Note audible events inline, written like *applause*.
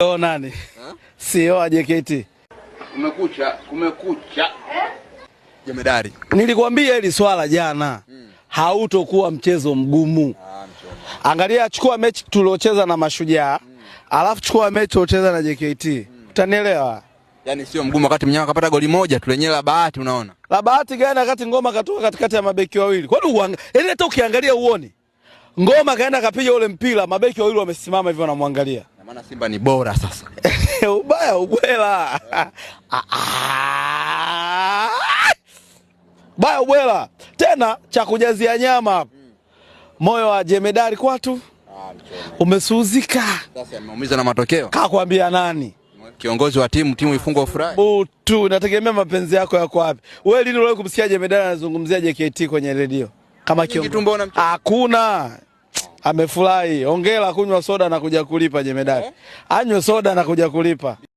Leo nani? Sio JKT. Kumekucha, kumekucha. Eh? Jemedari. Nilikwambia hili swala jana. Hmm. Hautokuwa mchezo mgumu. Ah, angalia, chukua mechi tuliocheza na Mashujaa, hmm. Alafu chukua mechi tuliocheza na JKT. Hmm. Utanielewa? Yaani sio mgumu wakati mnyama kapata goli moja tu lenyewe la bahati unaona. La bahati gani wakati ngoma katoka katikati ya mabeki wawili? Kwani uanga, yaani hata ukiangalia uone. Ngoma kaenda kapiga ule mpira, mabeki wawili wamesimama hivyo wanamwangalia. Maana Simba ni bora sasa. *laughs* Ubaya ubwela. *laughs* Ah, ah. Baya ubwela. Tena cha kujazia nyama. Hmm. Moyo wa jemedari kwatu ah, umesuuzika. Sasa ameumiza na matokeo. Kakwambia nani? Kiongozi wa timu, timu ifungwa ufurahi. Butu, nategemea mapenzi yako yako wapi? Wewe lini uliwahi kumsikia jemedari anazungumzia JKT kwenye redio? Kama kiongozi. Hakuna amefurahi. Hongera kunywa soda na kuja kulipa jemedari. Eh? Anywe soda na kuja kulipa.